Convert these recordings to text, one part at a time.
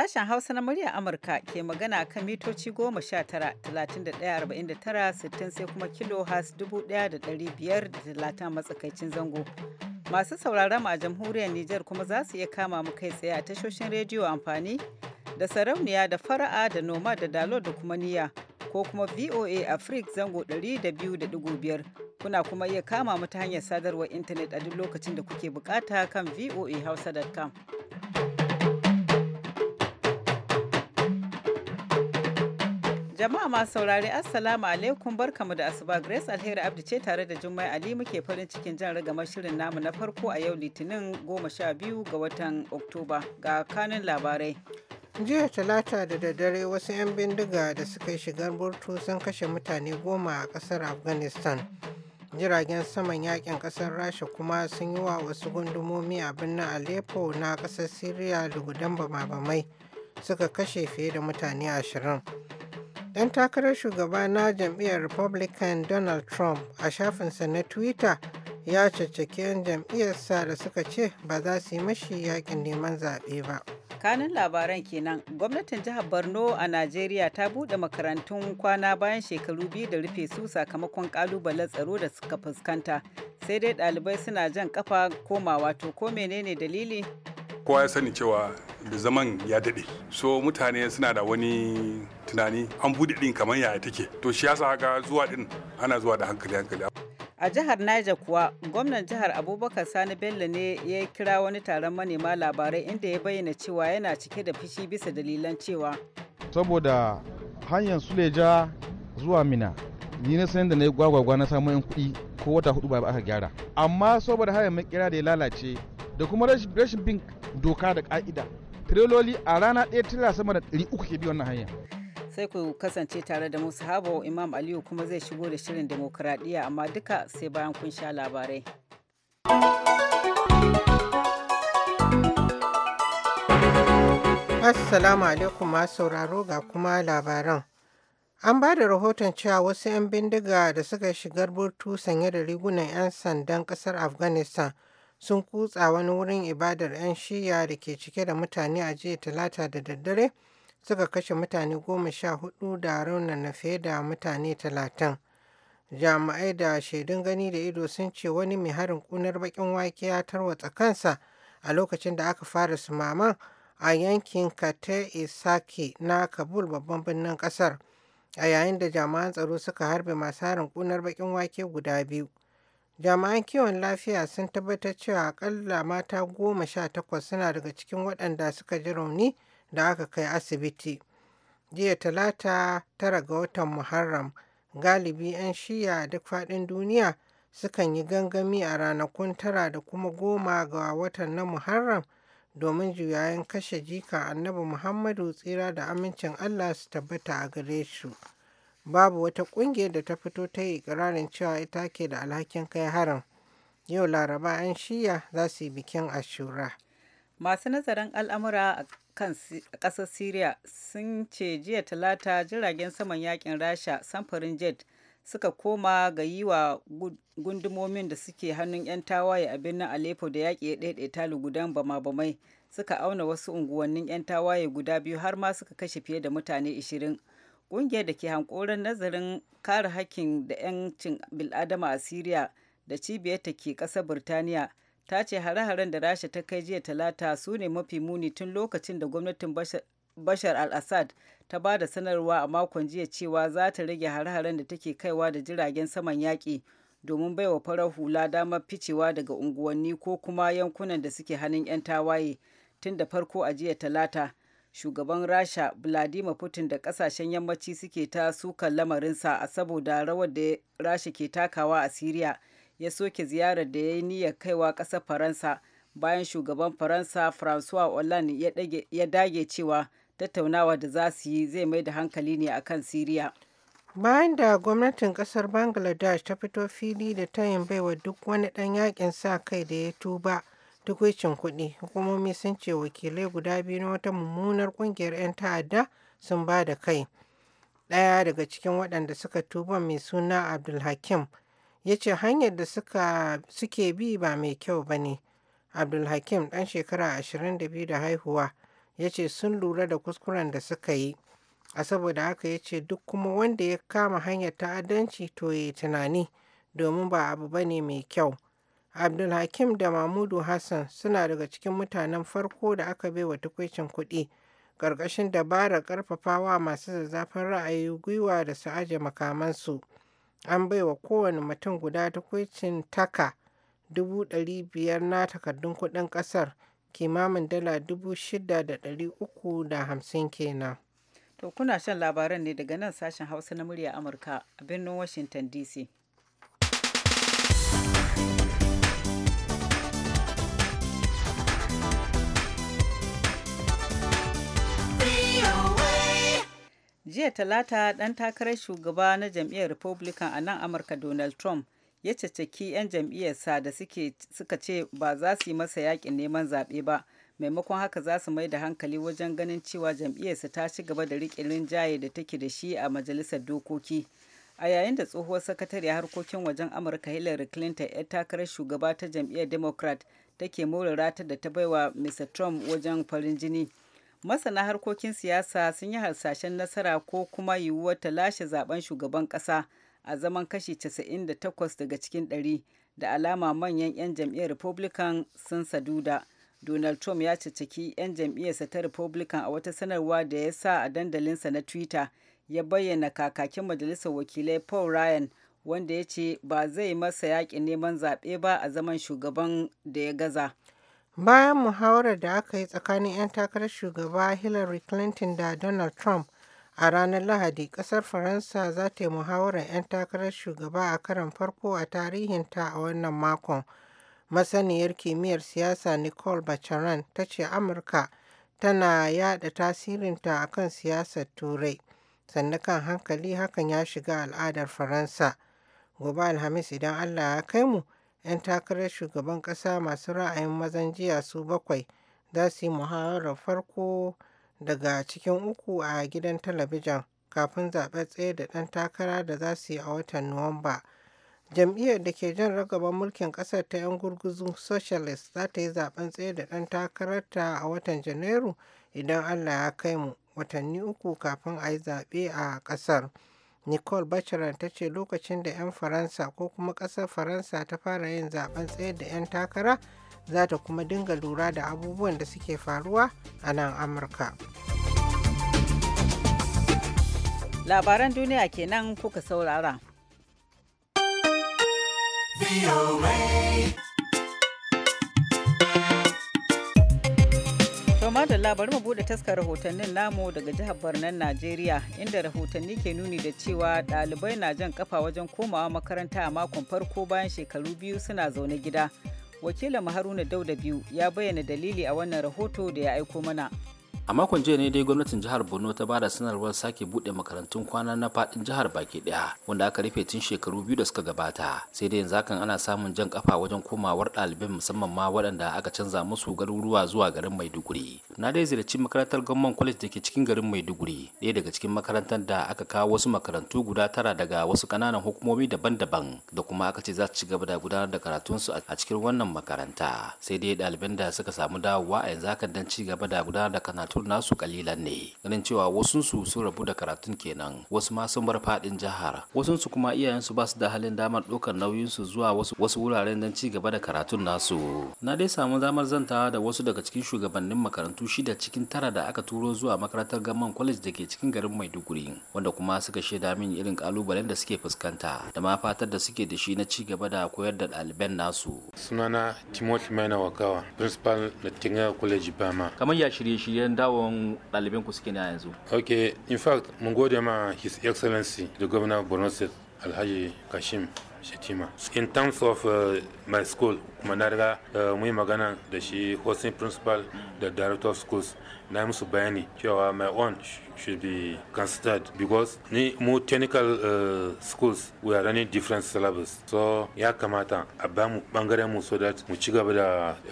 Sashen Hausa na muryar Amurka ke magana kan mitoci goma sha tara, talatin sai kuma kilo has dubu ɗaya da ɗari biyar da matsakaicin zango. Masu sauraron a jamhuriyar Nijar kuma za su iya kama mu kai tsaye a tashoshin rediyo amfani da sarauniya da fara'a da noma da dalo da kuma niyya ko kuma VOA Africa zango 200.5 kuna kuma iya kama mu ta hanyar sadarwar intanet a duk lokacin da kuke bukata kan voahausa.com. Jama'a masu saurare Assalamu alaikum barkamu da asuba Grace Alheri Abdi ce tare da Jummai Ali muke farin cikin jan ragamar shirin namu na farko a yau Litinin 12 ga watan Oktoba ga kanin labarai. Jiya Talata da daddare wasu 'yan bindiga da suka yi shigar burtu sun kashe mutane goma a kasar Afghanistan. Jiragen saman yakin kasar Rasha kuma sun yi wa wasu gundumomi a birnin Aleppo na kasar Siriya lugudan bama-bamai suka kashe fiye da mutane ashirin. Ɗan takarar shugaba na jam'iyyar Republican Donald Trump a shafinsa na Twitter ya caccake 'yan jam'iyyarsa da suka ce ba za su yi mashi yakin neman zaɓe ba. Kanin labaran kenan gwamnatin jihar Borno a Najeriya ta buɗe makarantun kwana bayan shekaru biyu da rufe su sakamakon ƙalubalen tsaro da suka fuskanta. Sai dai ɗalibai suna jan kafa komawa to ko menene dalili? Kowa ya sani cewa da zaman ya daɗe. So mutane suna da wani tunani an buɗe din kamar yaya take to shi yasa haka zuwa din ana zuwa da hankali hankali a jihar Niger kuwa gwamnan jihar Abubakar Sani Bello ne ya kira wani taron manema labarai inda ya bayyana cewa yana cike da fushi bisa dalilan cewa saboda hanyar Suleja zuwa Mina ni na sanin da na yi gwagwagwa na samu yan kuɗi ko wata hudu ba aka gyara amma saboda hanyar kira da ya lalace da kuma rashin bin doka da ka'ida tireloli a rana ɗaya tira sama da ɗari uku ke bi wannan hanya sai ku kasance tare da musu habo imam aliyu kuma zai shigo da shirin demokuraɗiyya amma duka sai bayan kun sha labarai assalamu alaikum masauraro ga kuma labaran an ba da rahoton cewa wasu 'yan bindiga da suka shigar burtu sanye da rigunan 'yan sandan kasar afghanistan sun kutsa wani wurin ibadar 'yan shiya da ke cike da mutane a jiya talata da daddare suka kashe mutane goma sha hudu da raunana fiye da mutane talatin. Jami'ai da shaidun gani da ido sun ce wani mai harin kunar bakin wake ya tarwatsa kansa a lokacin da aka fara sumaman a yankin Kate Isaki na Kabul babban birnin kasar a yayin da jami'an tsaro suka harbe masu harin kunar bakin wake guda biyu. Jami'an kiwon lafiya sun tabbatar cewa akalla mata goma sha takwas suna daga cikin waɗanda suka ji rauni da aka kai asibiti. Jiya talata tara ga watan Muharram galibi 'yan shiya duk faɗin duniya sukan yi gangami a ranakun tara da kuma goma ga watan na Muharram domin juyayen kashe jika annabi Muhammadu tsira da amincin Allah su tabbata a gare su. Babu wata ƙungiyar da ta fito ta yi ikirarin cewa ita ke da alhakin kai harin. Yau Laraba 'yan shiya za su yi bikin Ashura. Masu nazarin al'amura kan ƙasar Siriya sun ce jiya talata jiragen saman yakin Rasha samfurin jet suka koma ga yi wa gundumomin da suke hannun 'yan tawaye a birnin Aleppo da yaƙi ya ɗaiɗaita lugudan bama-bamai suka auna wasu unguwannin 'yan tawaye guda biyu har ma suka kashe fiye da mutane 20. Ƙungiyar da ke hankoron nazarin kare hakkin da 'yancin bil'adama a Siriya da cibiyar ta ke ƙasar Birtaniya ta ce hare-haren da rasha ta kai jiya talata su ne mafi muni tun lokacin da gwamnatin bashar al-assad ta ba da sanarwa a makon jiya cewa za ta rage hare-haren da take kaiwa da jiragen saman yaƙi domin baiwa farar hula damar ficewa daga unguwanni ko kuma yankunan da suke hannun 'yan tawaye tun da farko a jiya talata shugaban rasha vladimir putin da kasashen yammaci suke ta sukan lamarinsa a saboda rawar da rasha ke takawa a siriya ya soke ziyarar da ya yi niyyar kaiwa ƙasar faransa bayan shugaban faransa francois hollande ya dage cewa tattaunawa da za su yi zai mai da hankali ne a kan siriya bayan da gwamnatin kasar bangladesh ta fito fili da ta yin baiwa duk wani ɗan yakin sa kai da ya tuba tukwicin kuɗi hukumomi sun ce wakilai guda biyu na wata mummunar ƙungiyar 'yan ta'adda sun ba da kai ɗaya daga cikin waɗanda suka tuba mai suna abdulhakim ya ce hanyar da suke bi ba mai kyau ba ne. Abdulhakim ɗan shekara 22 da haihuwa ya ce sun lura da kuskuren da suka yi. A saboda haka ya ce duk kuma wanda ya kama hanyar ta'addanci to ya tunani domin ba abu ba ne mai kyau. Abdulhakim da Mamudu Hassan suna daga cikin mutanen farko da aka bai wa tukwicin kuɗi. ƙarƙashin dabarar ƙarfafawa masu zazzafin ra'ayi gwiwa da su aje makamansu. An bai wa kowane mutum guda takwicin Taka dubu ɗari biyar na takardun kuɗin ƙasar, kimamin dala dubu shida da ɗari uku da hamsin kenan. To kuna shan labaran ne daga nan sashen Hausa na murya Amurka a birnin Washington DC. jiya talata ɗan takarar shugaba na jam'iyyar republican a nan amurka donald trump ya caccaki 'yan jam'iyyarsa da suka ce ba za su yi masa yakin neman zaɓe ba maimakon haka za su mai da hankali wajen ganin cewa jam'iyyarsa ta ci gaba da riƙe rinjaye da take da shi a majalisar dokoki a yayin da tsohuwar sakatare harkokin wajen amurka hillary clinton 'yar takarar shugaba ta jam'iyyar democrat take more ratar da ta baiwa mr trump wajen farin jini masana harkokin siyasa sun yi harsashen nasara ko kuma yiwuwar ta lashe zaben shugaban kasa a zaman kashi 98 daga cikin 100 da alama manyan 'yan jam'iyyar republican sun saduda donald trump ya cacciki 'yan jam'iyyarsa ta republican a wata sanarwa da ya sa a dandalinsa na twitter ya bayyana kakakin majalisar wakilai paul ryan wanda ya ce ba zai masa yaƙin neman zaɓe ba a zaman shugaban da ya gaza Bayan muhawarar da aka yi tsakanin 'yan takarar shugaba Hillary Clinton da Donald Trump a ranar Lahadi, ƙasar Faransa za ta yi muhawarar 'yan takarar shugaba a karon farko a tarihinta a wannan makon. Masaniyar kimiyyar siyasa Nicole bacharan ta ce Amurka tana yada tasirinta a kan siyasar Turai, sannu kan hankali hakan ya shiga al'adar Faransa. Gobe Alhamis idan Allah ya kai mu, 'yan takarar shugaban ƙasa masu ra'ayin mazan jiya su bakwai za su yi muhawarar farko daga cikin uku a gidan talabijin kafin zaɓe tsaye da ɗan takara da za su yi a watan Nuwamba. Jam'iyyar da ke jan ragaban mulkin ƙasar ta 'yan gurguzu Socialist za ta yi zaɓen tsaye da ɗan takararta a watan Janairu idan Allah ya kai mu watanni uku kafin a yi zaɓe a ƙasar. Nicole bacharan ta ce lokacin da 'yan Faransa ko kuma ƙasar Faransa ta fara yin zaben tsayar da 'yan takara za ta kuma dinga lura da abubuwan da suke faruwa a nan Amurka. Labaran duniya kenan kuka saurara. da bari mu bude taskar rahotannin namu daga jihar Barnan Najeriya inda rahotanni ke nuni da cewa ɗalibai na jan kafa wajen komawa makaranta a makon farko bayan shekaru biyu suna zaune gida. Wakilin Haruna Dauda biyu ya bayyana dalili a wannan rahoto da ya aiko mana. a makon jiya ne dai gwamnatin jihar borno ta bada sanarwar sake bude makarantun kwana na fadin jihar baki daya wanda aka rufe tun shekaru biyu da suka gabata sai dai yanzu hakan ana samun jan kafa wajen komawar ɗaliban musamman ma waɗanda aka canza musu garuruwa zuwa garin maiduguri na dai ziyarci makarantar gwamnan college da ke cikin garin maiduguri ɗaya daga cikin makarantar da aka kawo wasu makarantu guda tara daga wasu ƙananan hukumomi daban-daban da kuma aka ce za su ci gaba da gudanar da karatunsu a cikin wannan makaranta sai dai ɗaliban da suka samu dawowa a yanzu hakan don ci gaba da gudanar da karatun nasu kalilan ne ganin cewa wasu su sun rabu da karatun kenan wasu ma sun bar fadin jihar wasu su kuma iyayen su ba su da halin damar ɗaukar nauyin su zuwa wasu wasu wuraren don ci gaba da karatun nasu na dai samu damar zantawa da wasu daga cikin shugabannin makarantu shida cikin tara da aka turo zuwa makarantar gaman college da ke cikin garin maiduguri wanda kuma suka shaida min irin kalubalen da suke fuskanta da ma fatar da suke da shi na ci gaba da koyar da ɗaliban nasu sunana timothy maina wakawa principal na tinga college bama kamar ya shirye-shiryen kokarin dawon ɗaliban ku suke ne a yanzu ok in fact mun gode ma his excellency the governor borno state alhaji kashim Shatima. In terms of uh, my school, kuma na riga uh, mun magana da shi hosting principal da director of schools na musu bayani cewa my own should be considered because ni mu technical uh, schools we are running different syllabus so ya kamata a ba mu bangaren mu so that mu ci gaba da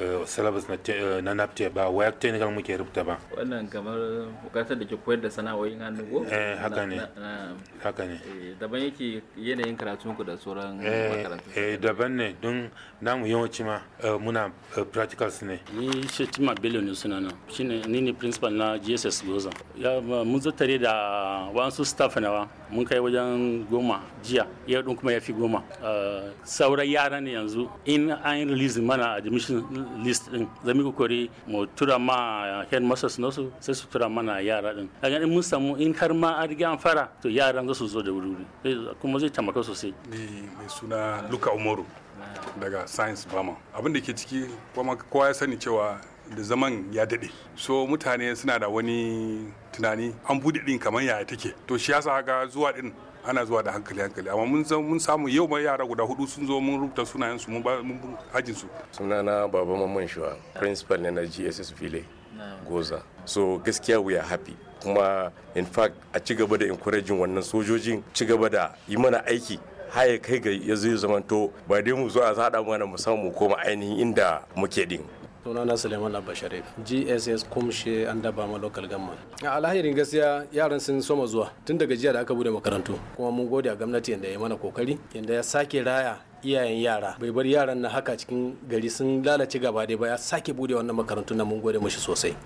uh, syllabus na, uh, na napte ba waya technical muke rubuta ba wannan kamar bukatar da ke koyar da sana'o'in hannu ko eh haka ne haka ne eh, daban yake yanayin karatun ku da sauran Eh, eh daban ne don namu yawanci ma eh, muna eh, practicals ne ni shetima bello ne suna nan shine ni ne principal na gss ya mun zo tare da wasu staff wa mun kai wajen goma jiya ya dun kuma ya fi goma sauran yara ne yanzu in an release mana admission list din zami kori mu tura ma headmasters su sai su tura mana yara din a ganin mun samu in har ma an riga an fara to yaran za su zo da wuri kuma zai taimaka sosai mai suna luka umaru ah. daga science bama abin da ke ciki kuma kowa ya sani cewa da zaman ya daɗe so mutane suna da wani tunani an bude ɗin kamar yaya take to shi yasa ga zuwa din ana zuwa da hankali hankali amma mun mun samu yau ma yara guda hudu sun zo mun rubuta sunayen su mun ajin su sunana baba mamman shuwa principal na GSS Vile ah. Goza so gaskiya we are happy kuma in fact a cigaba da encouraging wannan sojojin ci gaba da yi mana aiki haye kai ga ya zai zamanto ba dai mu zo a zaɗa mana mu samu mu koma ainihin inda muke din sunana suleiman abba sharif gss kumshe an daba ma local government a alhairin gaskiya yaran sun soma zuwa tun daga jiya da aka bude makarantu kuma mun gode a gwamnati yadda ya mana kokari yadda ya sake raya iyayen yara bai bar yaran na haka cikin gari sun lalace gaba da ba ya sake bude wannan makarantu na mun gode mushi sosai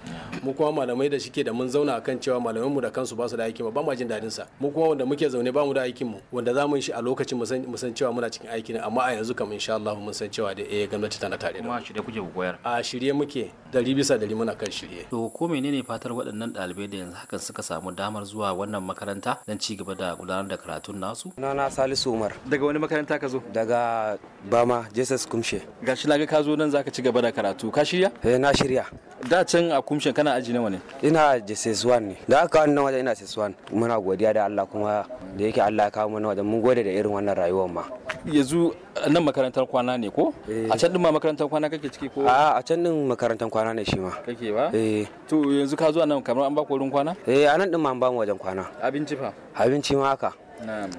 mu kuma malamai da shike da mun zauna akan cewa malamanmu da kansu ba su da aikin ba ma jin dadin sa mu kuma wanda muke zaune ba mu da aikin mu wanda za mu shi a lokacin mu san cewa muna cikin aikin amma a yanzu kam insha Allah mun san cewa da eh gwamnati tana tare da mu shirye kuke koyar a shirye muke dari bisa dari muna kan shirye to ko menene fatar waɗannan ɗalibai da yanzu hakan suka samu damar zuwa wannan makaranta don ci gaba da gudanar da karatun nasu na na Salisu Umar daga wani makaranta ka zo daga ba bama jesus kumshe ga na ga ka zo nan zaka ci gaba da karatu ka shirya eh na shirya da can a kumshe kana aji nawa ne ina jesus 1 ne da aka wannan wajen ina jesus 1 muna godiya da Allah kuma da yake Allah ya kawo mana wajen mun gode da irin wannan rayuwar ma yanzu nan makarantar kwana ne ko eh. a can din ma makarantar kwana kake ciki ko a a can din makarantar kwana ne shi ma kake ba eh to yanzu ka zo nan kamar an ba ku wurin kwana eh nan din ma an ba mu wajen kwana abinci fa abinci ma haka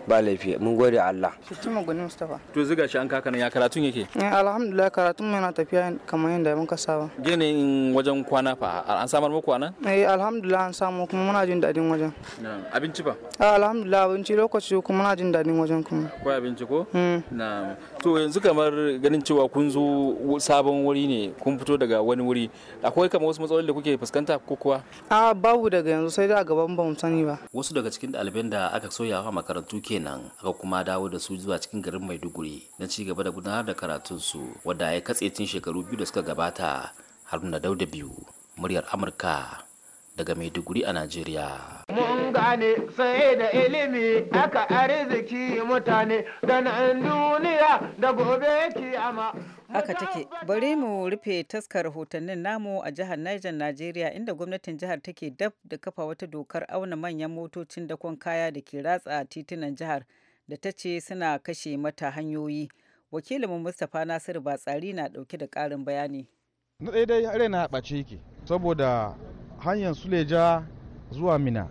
ba laifi mun gode Allah shi gani Mustafa to ziga shi an kaka nan ya karatun yake eh, alhamdulillah karatun mai na tafiya kamar yadda ka saba ginin wajen kwana fa an samar muku anan eh alhamdulillah an samu kuma muna jin dadin wajen abinci fa ah, alhamdulillah abinci lokaci kuma muna jin dadin wajen kuma ko abinci ko hmm. na'am to yanzu kamar ganin cewa kun zo sabon wuri ne kun fito daga wani wuri akwai kamar wasu matsaloli da kuke fuskanta ko kuwa a babu daga yanzu sai da gaban ban sani ba wasu daga cikin ɗaliban da aka soya a makarantu kenan aka kuma dawo da su zuwa cikin garin Maiduguri na ci gaba da gudanar da karatun su wanda ya katse tun shekaru biyu da suka gabata Haruna Dauda biyu muryar Amurka daga Maiduguri a Najeriya. Mun gane sai da ilimi aka arziki mutane da nan duniya da gobe kiyama. Haka take, bari mu rufe taskar rahotannin namu a jihar Niger Najeriya inda gwamnatin jihar take dab da kafa wata dokar auna manyan motocin dakon kaya da ke ratsa titunan jihar da ta ce suna kashe mata hanyoyi. Wakilinmu Mustapha Nasiru Batsari na dauke da karin bayani. Na ɗaya dai raina a ɓace yake saboda hanyar suleja zuwa mina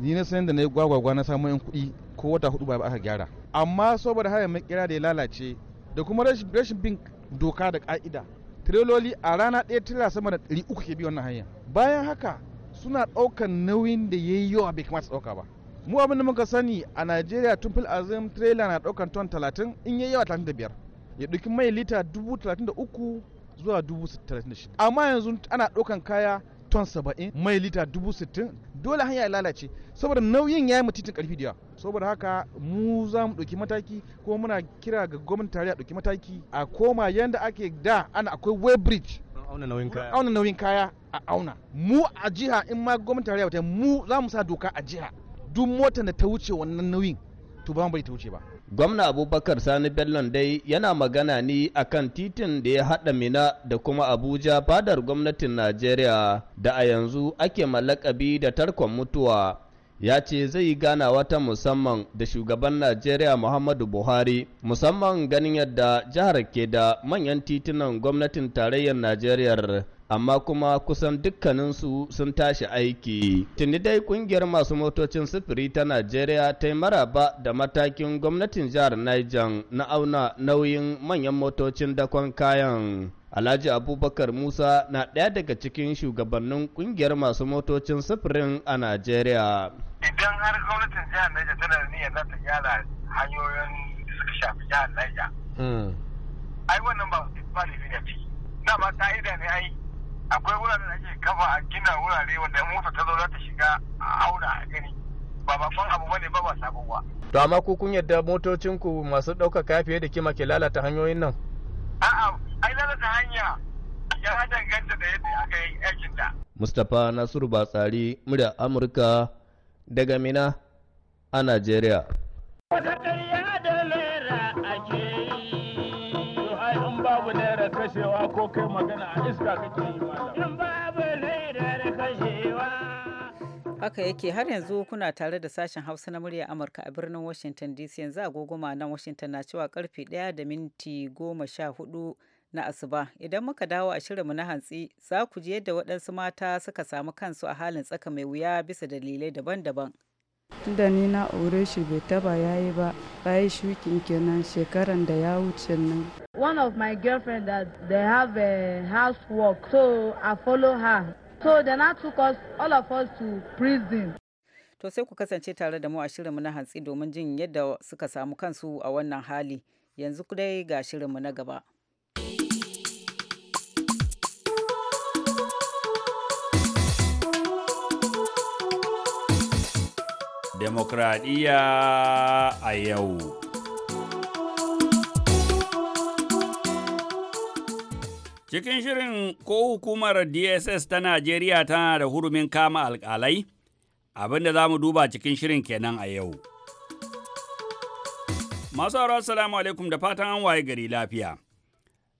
ni na sanin da na yi gwagwagwa na samun yan kuɗi ko wata hudu ba aka gyara amma saboda hanyar kira da ya lalace da kuma rashin bin doka da ka'ida tireloli a rana ɗaya tira sama da ɗari uku ke bi wannan hanya bayan haka suna ɗaukan nauyin da ya yi yawa bai kamata su ɗauka ba mu abin da muka sani a najeriya tun fil azim tirela na ɗaukan ton talatin in ya yawa talatin da biyar ya ɗauki mai lita dubu talatin da uku zuwa dubu talatin da shida amma yanzu ana ɗaukan kaya ton saba'in mai lita dubu sittin dole hanya ya lalace saboda nauyin ya yi titin karfi da saboda haka mu za mu ɗauki mataki ko muna kira ga gwamnati a ɗauki mataki a koma yadda ake da ana akwai way bridge auna nauyin kaya a auna mu a jiha in ma gwamnati tarayya mu za mu sa doka a jiha duk motar da ta wuce wannan nauyin to ba mu bari ta wuce ba Gwamna Abubakar Sani Bellon dai yana magana ne akan titin da ya haɗa Mina da kuma Abuja fadar gwamnatin Najeriya da a yanzu ake malakabi da tarkon mutuwa. Ya ce zai gana wata musamman da shugaban Najeriya Muhammadu Buhari, musamman ganin yadda jihar ke da manyan titunan gwamnatin tarayyar Najeriya. amma kuma kusan dukkaninsu sun tashi aiki. Tuni dai kungiyar masu motocin sufuri ta Najeriya ta yi maraba da matakin gwamnatin jihar Niger na auna nauyin manyan motocin dakon kayan. Alhaji Abubakar Musa na ɗaya daga cikin shugabannin kungiyar masu motocin sufurin a Najeriya. Idan har gwamnatin jihar Niger tana da niyyar za ta gyara hanyoyin da suka shafi jihar Niger. Hmm. Ai wannan ba ba ne Na ba ka'ida ne ai akwai wuraren da ake kafa a gina wurare wanda mota ta zo za ta shiga a auna a gani ba babban abu bane ba ba sabon ba to amma ku kun yadda motocin ku masu ɗaukar kaya fiye da kima ke lalata hanyoyin nan a'a ai lalata hanya ya ganta da yadda aka yi aikin ta Mustapha Nasiru Batsari murya Amurka daga Mina a Najeriya da lera ake yi babu naira kashewa ko kai magana a iska kake Haka yake har yanzu kuna tare da sashen Hausa na murya Amurka a birnin Washington DC yanzu agogoma nan Washington na cewa karfe 1 da minti 14 na asuba. Idan muka dawo a shirinmu na hantsi za ku ji yadda waɗansu mata suka samu kansu a halin tsaka mai wuya bisa dalilai daban-daban. da ni na aure shi bai taba yayi ba bayan shukin kenan shekaran da ya wuce nan one of my girlfriend that they have a housework so i follow her So da na took us, all of us to prison. To sai ku kasance tare da mu a mu na hantsi domin jin yadda suka samu kansu a wannan hali. Yanzu dai ga mu na gaba. Demokradiyya a yau. Cikin shirin ko hukumar DSS ta Najeriya tana da hurumin kama alƙalai? Abin da za mu duba cikin shirin kenan a yau. Masu haro assalamu alaikum da fatan an waye gari lafiya.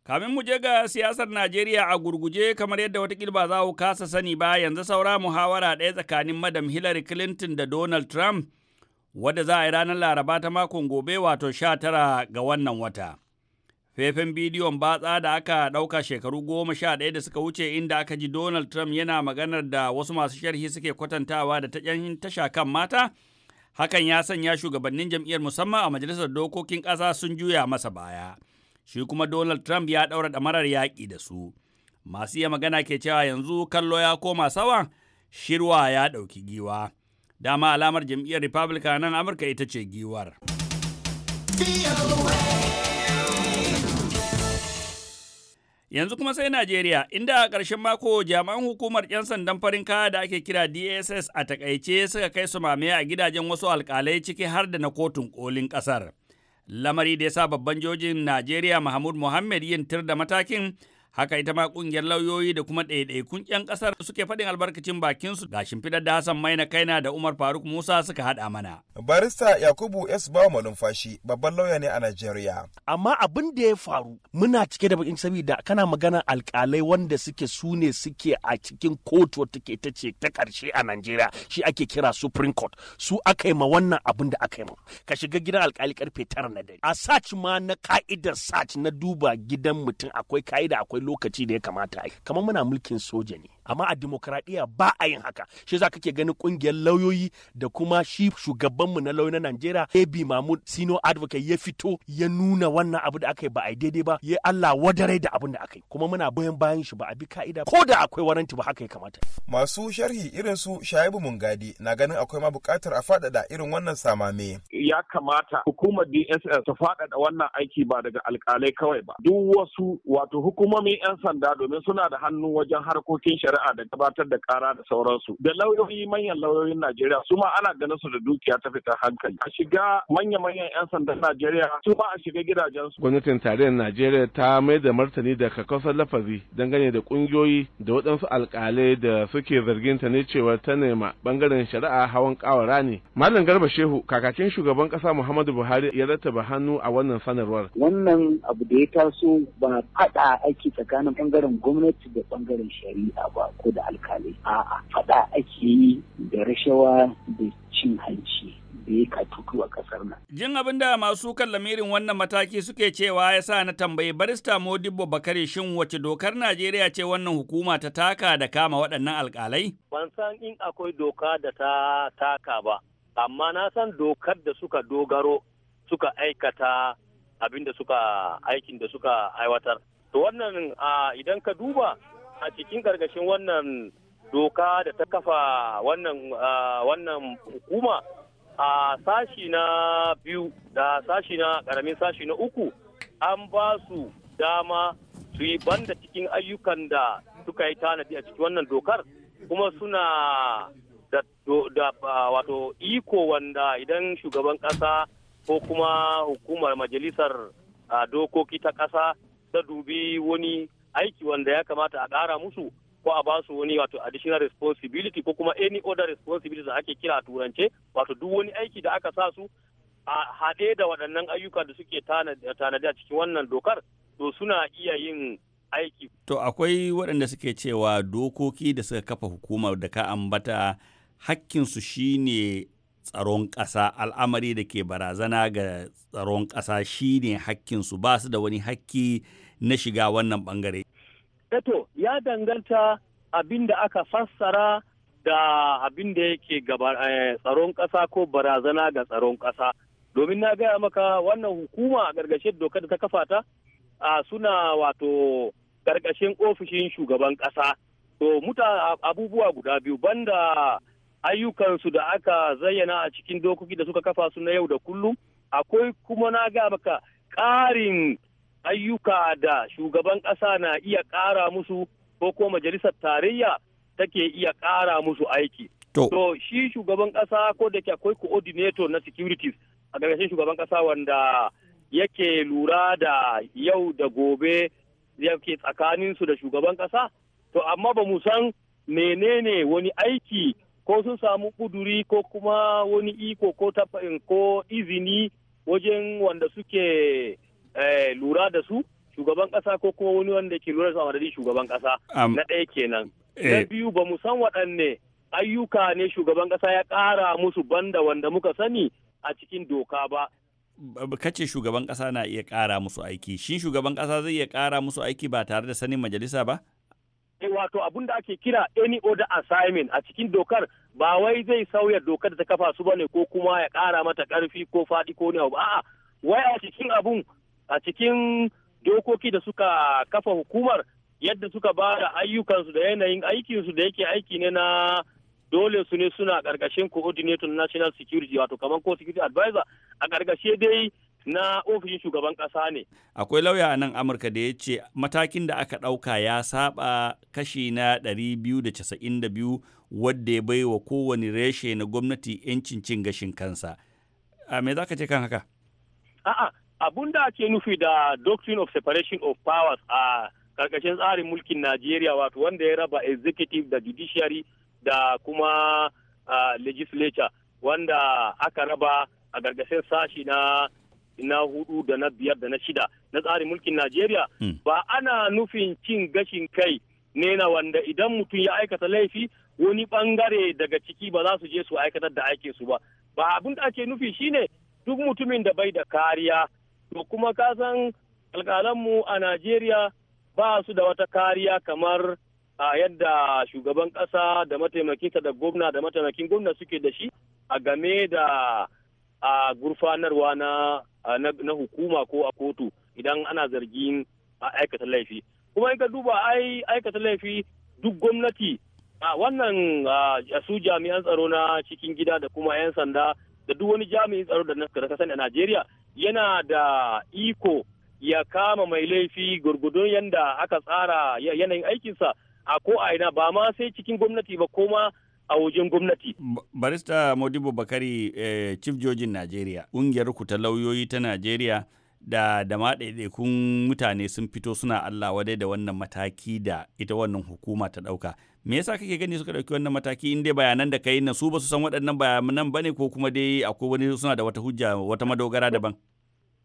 Kamin mu je ga siyasar Najeriya a gurguje kamar yadda wata ba za ku kasa sani ba yanzu saura muhawara ɗaya tsakanin Madam Hillary Clinton da Donald Trump wadda za a yi ranar Laraba ta makon gobe wato tara ga wannan wata. fefen bidiyon batsa da aka ɗauka shekaru goma sha ɗaya da suka wuce inda aka ji Donald Trump yana maganar da wasu masu sharhi suke kwatantawa da ta tasha kan mata, hakan ya sanya shugabannin jam'iyyar musamman a majalisar dokokin ƙasa sun juya masa baya. Shi kuma Donald Trump ya ɗaura ɗamarar yaƙi da su. Masu iya magana ke cewa yanzu kallo ya koma sawa, shirwa ya ɗauki giwa. Dama alamar jam'iyyar Republican nan Amurka ita ce giwar. Yanzu kuma sai Najeriya, inda a ƙarshen mako jami'an hukumar 'yan sandan farin kaya da ake kira DSS a takaice suka kai su mamaye a gidajen wasu alƙalai ciki har da na kotun ƙolin ƙasar. Lamari da ya sa babban jojin Najeriya Mahmud Muhammad yin tir da matakin Haka ita ma kungiyar lauyoyi da kuma ɗaiɗaikun 'yan ƙasar suke faɗin albarkacin bakinsu ga shimfidar da Hassan Maina Kaina da Umar Faruk Musa suka haɗa mana. Barista Yakubu S. Bawa numfashi babban lauya ne a Najeriya. Amma abin da ya faru muna cike da bakin sabida kana magana alkalai wanda suke su ne suke a cikin kotu ke ta ce ta ƙarshe a Najeriya shi ake kira Supreme Court su aka yi ma wannan abin da aka yi ma. Ka shiga gidan alƙali karfe tara na dare. A sac ma na ka'idar sac na duba gidan mutum akwai ka'ida akwai lokaci da ya kamata kamar muna mulkin soja ne amma a demokradiyya ba a yin haka shi za kake ganin kungiyar lauyoyi da kuma shi shugabanmu na lauyoyi na Najeriya AB Mahmud Sino Advocate ya fito ya nuna wannan abu da aka yi ba a daidai ba ya Allah wadarai da abin da aka yi kuma muna bayan bayan shi ba a bi ka'ida ko da akwai waranti ba haka ya kamata masu sharhi irin su Shaibu gadi na ganin akwai ma buƙatar a faɗaɗa irin wannan samame ya kamata hukumar DSS ta faɗaɗa wannan aiki ba daga alƙalai kawai ba duk wasu wato hukumomin 'yan sanda domin suna da hannu wajen harkokin shari'a shari'a da gabatar da kara da sauransu da lauyoyi manyan lauyoyin Najeriya su ma ana ganin su da dukiya ta fitar hankali a shiga manya-manyan 'yan sandan Najeriya su ma a shiga gidajensu. Gwamnatin tarayyar Najeriya ta mai da martani da kakkausar lafazi dangane da kungiyoyi da waɗansu alƙalai da suke zargin ta ne cewa ta nema bangaren shari'a hawan kawara ne. Malam Garba Shehu kakakin shugaban kasa Muhammadu Buhari ya rattaba hannu a wannan sanarwar. Wannan abu da ya taso ba faɗa aiki tsakanin bangaren gwamnati da bangaren shari'a ba. ko da alkali. a'a faɗa ake yi da rashawa da cin hanci da ya katutu a ƙasar nan. Jin abin da masu lamirin wannan mataki suke cewa ya sa na tambayi barista modibo Bakare shin wace dokar Najeriya ce wannan hukuma ta taka da kama waɗannan alkalai. Ban san in akwai doka da ta taka ba, amma na san dokar da suka dogaro suka aikata abin da suka aikin da suka aiwatar. To wannan idan ka duba a cikin ƙarƙashin wannan doka da ta kafa wannan hukuma a sashi na biyu da sashi na karamin sashi na uku an ba su dama su yi banda cikin ayyukan da suka yi tanadi a cikin wannan dokar kuma suna da, da wato iko wanda idan shugaban ƙasa ko kuma hukumar majalisar dokoki ta ƙasa ta dubi wani aiki wanda ya kamata a ƙara musu ko a basu wani wato additional responsibility ko kuma any other responsibility da ake kira a turance wato duk wani aiki da aka sa su a haɗe da waɗannan ayyuka da suke tanadi a cikin wannan dokar to suna iya yin aiki. To akwai waɗanda suke cewa dokoki da suka kafa hukumar da ka ambata hakkinsu shine tsaron ƙasa al'amari da ke barazana ga tsaron ƙasa shine hakkinsu ba su da wani hakki na shiga wannan ɓangare. Eto eh, ya danganta abin da aka fassara da abin da yake eh, tsaron ƙasa ko barazana ga tsaron ƙasa. Domin na gaya maka wannan hukuma a gargashin dokar da ta kafa ta suna wato ƙarƙashin ofishin shugaban ƙasa. To muta abubuwa guda biyu banda ayyukansu da aka zayyana a cikin dokoki da suka kafa su na yau da kullum akwai kuma na gaya maka ƙarin ayyuka da shugaban ƙasa na iya ƙara musu ko ko majalisar tarayya take iya ƙara musu aiki. To, shi shugaban ƙasa ko da ke akwai coordinator na securities a gargashin shugaban ƙasa wanda yake lura da yau da gobe yake tsakaninsu da shugaban ƙasa. To, amma ba mu san menene wani aiki ko sun samu kuduri ko kuma wani iko ko ko izini wajen wanda suke Eh, lura da su shugaban kasa ko kuma wani wanda ke lura da su a madadin shugaban kasa na ɗaya kenan na eh. biyu ba mu san waɗanne ayyuka ne shugaban kasa ya ƙara musu banda wanda muka sani a cikin doka ba kace shugaban kasa na iya ƙara musu aiki shi shugaban kasa zai iya ƙara musu aiki ba tare da sanin majalisa ba eh, wato abun da ake kira any order assignment a cikin dokar ba wai zai sauya dokar da ta kafa su bane ko kuma ya ƙara mata ƙarfi ko faɗi ko ne ba a'a wai a cikin abun a cikin dokoki da suka kafa hukumar yadda suka ba da ayyukansu da yanayin aikinsu da yake aiki ne na dole su ne suna ƙarƙashin coordinator national security wato kamar ko security advisor a ƙarƙashe dai na ofishin shugaban ƙasa ne. Akwai lauya a nan Amurka da ya ce matakin da aka ɗauka ya saba kashi na 292 wadda ya bai wa kowane reshe na gwamnati 'yancin cin gashin kansa. A me za ka ce kan haka? A'a, abun da ake nufi da doctrine of separation of powers a karkashin tsarin mulkin najeriya wato wanda ya raba executive da judiciary da kuma legislature wanda aka raba a gargashin sashi na na hudu da na biyar da na shida na tsarin mulkin najeriya hmm. ba ana nufin cin gashin kai ne na wanda idan mutum ya aikata laifi wani bangare daga ciki ba za su je su aikatar da aikinsu ba ba abin da ake nufi shine duk mutumin da bai da kariya to kuma ka san alƙalanmu a najeriya ba su da wata kariya kamar a yadda shugaban ƙasa da mataimakinsa da gwamna da mataimakin gwamna suke da shi a game da a gurfanarwa na, na, hukuma ko a kotu idan ana zargin a aikata laifi kuma in ka duba ai aikata laifi duk gwamnati a wannan a su jami'an tsaro na cikin gida da kuma 'yan sanda da duk wani jami'in tsaro da na sani a Najeriya yana da iko ya kama mai laifi gurgudun yadda aka tsara yanayin aikinsa a ko a ina ba ma sai cikin gwamnati ba ko ma a wajen gwamnati. Barista Modibo Bakari eh, Chief Jojin Najeriya, ƙungiyar ku ta lauyoyi ta Najeriya da da ma ɗaiɗaikun mutane sun fito suna Allah wadai da wannan mataki da ita wannan hukuma ta ɗauka me yasa kake gani suka ɗauki wannan mataki in dai bayanan da kai na su ba su san waɗannan bayanan ba ne ko kuma dai akwai wani suna da wata hujja wata madogara daban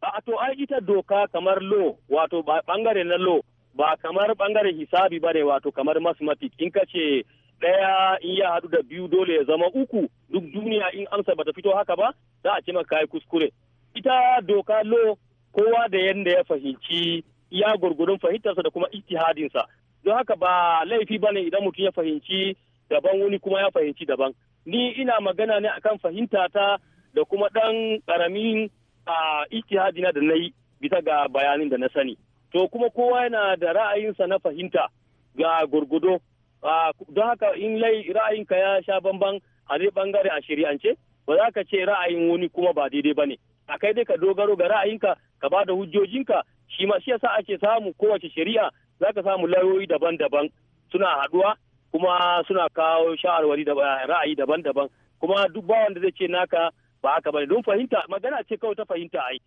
a to ai ita doka kamar lo wato bangare na lo ba kamar bangaren hisabi ba bane wato kamar mathematics in ka ce ɗaya in ya haɗu da biyu dole ya zama uku duk duniya in amsa bata fito haka ba za a ce maka kai kuskure ita doka lo kowa da yadda ya fahimci ya gurgurun fahimtarsa da kuma itihadinsa don haka ba laifi ba ne idan mutum ya fahimci daban wani kuma ya fahimci daban ni ina magana ne akan fahimtata da kuma ɗan ƙaramin a ittihadina da na yi bisa ga bayanin da na sani to kuma kowa yana da ra'ayinsa na fahimta ga gurgudo don haka in lai ra'ayinka ya sha bamban a bangare a shari'ance ba za ka ce ra'ayin wani kuma ba daidai ba ne a kai dai ka dogaro ga ra'ayinka ka ba da hujjojinka shi ma shi yasa ake samu kowace shari'a za ka samu layoyi daban-daban suna haduwa kuma suna kawo shawarwari da eh, ra'ayi daban-daban kuma duk ba wanda zai ce naka ba haka bane don fahimta magana ce kawai ta fahimta ai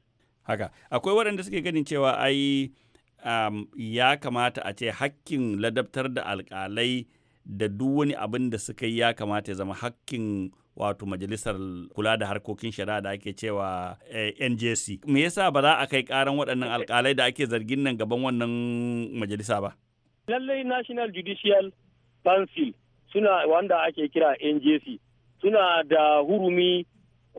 haka akwai waɗanda suke ganin cewa ai um, ya kamata a ce hakkin ladabtar da alƙalai da duk wani abin da suka yi ya kamata ya zama hakkin wato majalisar kula da harkokin shari'a da ake cewa eh, NJC me yasa ba za a kai karan waɗannan alƙalai da ake zargin nan gaban wannan majalisa ba lallai National Judicial Council suna wanda ake kira NJC suna da hurumi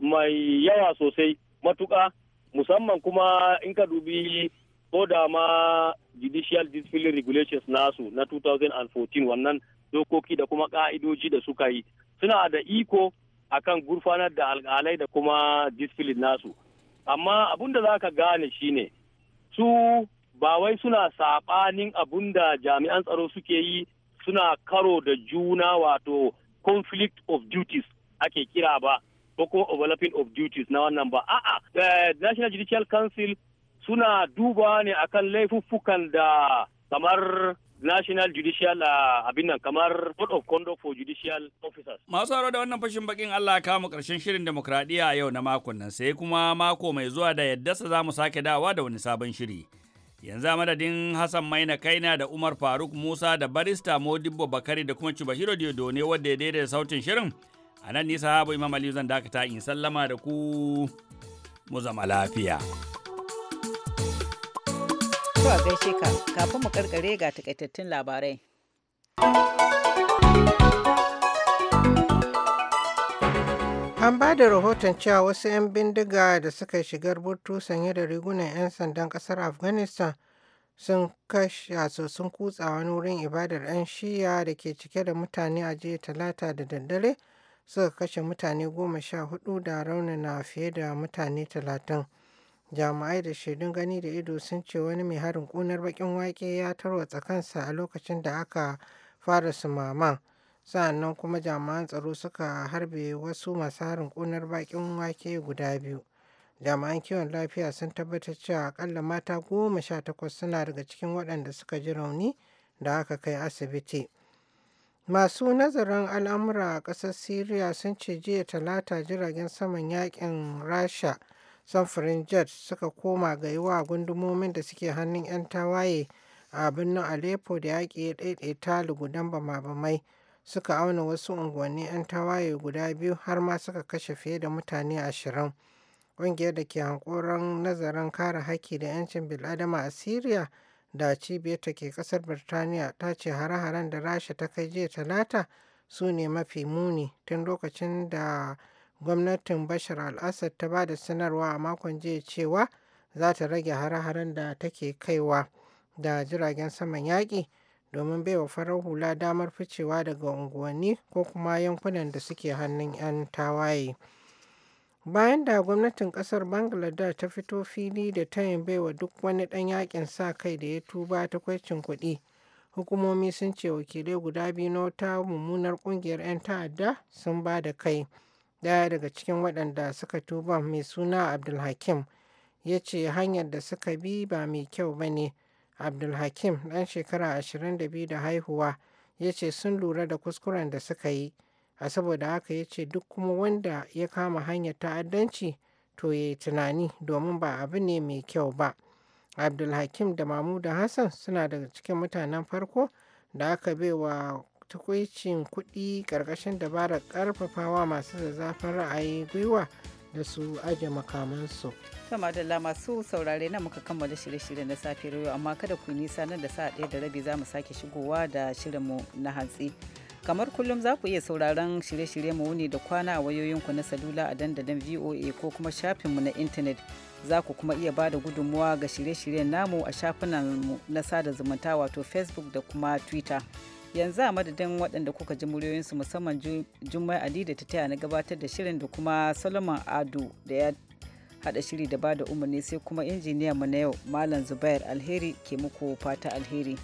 mai yawa sosai matuƙa musamman kuma in ka dubi ko da ma judicial discipline regulations nasu na 2014 wannan dokoki da kuma ka'idoji da suka yi suna da iko akan gurfanar da alkalai da kuma disfilin nasu amma abun da za ka gane shine su ba wai suna saɓanin abun da jami'an tsaro suke yi suna karo da juna wato conflict of duties ake kira ba ko kuma overlapping of duties na wannan ba a'a eh, national judicial council suna duba ne akan laifuffukan da kamar National Judicial uh, abin nan kamar Code of Conduct for Judicial Officers. Masu haro da wannan fashin bakin Allah ka mu karshen shirin demokradiyya yau na makon nan sai kuma mako mai zuwa da yadda sa za mu sake dawa da wani sabon shiri. Yanzu a madadin Hassan Maina Kaina da Umar Faruk Musa da Barista Modibbo Bakari da kuma Diodo Diodone wadda ya daidaita sautin shirin. A nan nisa Habu Imam Aliyu zan dakata in sallama da ku mu zama lafiya. To a gaishe ka kafin mu karkare ga takaitattun labarai. An ba da rahoton cewa wasu 'yan bindiga da suka shigar burtu sanye da rigunan 'yan sandan kasar Afghanistan sun kashe sun kutsa wani wurin ibadar 'yan shiya da ke cike da mutane a jiya talata da daddare suka kashe mutane goma sha hudu da raunana fiye da mutane talatin. Jami'ai da shaidun gani da ido sun ce wani mai harin ƙunar baƙin wake ya tarwatsa kansa a lokacin da aka fara sumaman. Sa'annan kuma jami'an tsaro suka harbe wasu masu harin ƙunar baƙin wake guda biyu. Jami'an kiwon lafiya sun tabbatar cewa akalla mata goma sha takwas suna daga cikin waɗanda suka ji rauni da aka kai asibiti. Masu nazarin al'amura a ƙasar Siriya sun ce jiya talata jiragen saman yakin Rasha samfurin jet suka koma ga yiwa gundumomin da suke hannun 'yan tawaye a birnin aleppo da yaƙi ya ɗaiɗaita lugudan bama-bamai suka auna wasu unguwanni 'yan tawaye guda biyu har ma suka kashe fiye da mutane ashirin ƙungiyar da ke hankoron nazarin kare haƙƙi da 'yancin bil'adama a syria da cibiyar ta ke ƙasar birtaniya ta ce hare-haren da rasha ta kai jiya talata su ne mafi muni tun lokacin da gwamnatin Bashar al-Assad ta ba da sanarwa a makon jiya cewa za ta rage hare-haren da take kaiwa da jiragen saman yaƙi domin baiwa farar hula damar ficewa daga unguwanni ko kuma yankunan da suke hannun 'yan tawaye. Bayan da gwamnatin kasar Bangladesh ta fito fili da tayin baiwa duk wani ɗan yakin sa kai da ya tuba ta kwacin kuɗi, hukumomi sun ce wakilai guda biyu na wata mummunar ƙungiyar 'yan ta'adda sun ba da kai. Daya daga cikin waɗanda suka tuba mai suna Abdulhakim ya ce hanyar da suka bi ba mai kyau ba ne. Abdulhakim ɗan shekara 22 da haihuwa ya ce sun lura da kuskuren da suka yi. A saboda haka ya ce duk kuma wanda ya kama hanyar ta'addanci to ya yi tunani domin ba abu ne mai kyau ba. Abdulhakim da Mamuda Hassan suna daga cikin mutanen farko da aka bai wa. tukwicin kuɗi ƙarƙashin dabarar ƙarfafawa masu zazzafin ra'ayi gwiwa da su aje makamansu. Sama da masu saurare na muka kammala shirye-shirye na safiyar yau amma kada ku nisa nan da sa'a ɗaya da rabi za mu sake shigowa da shirinmu na hantsi. Kamar kullum za ku iya sauraron shirye-shirye mu wuni da kwana a wayoyinku na salula a dandalin VOA ko kuma shafinmu na intanet. Za ku kuma iya ba da gudunmuwa ga shirye-shiryen namu a shafinanmu na sada zumunta wato Facebook da kuma Twitter. yanzu a madadin waɗanda kuka ji muryoyinsu musamman jummai ali da ta taya na gabatar da shirin da kuma solomon ado da ya haɗa shiri da ba da umarni sai kuma injiniyan mu na yau malam zubair alheri ke muku fata alheri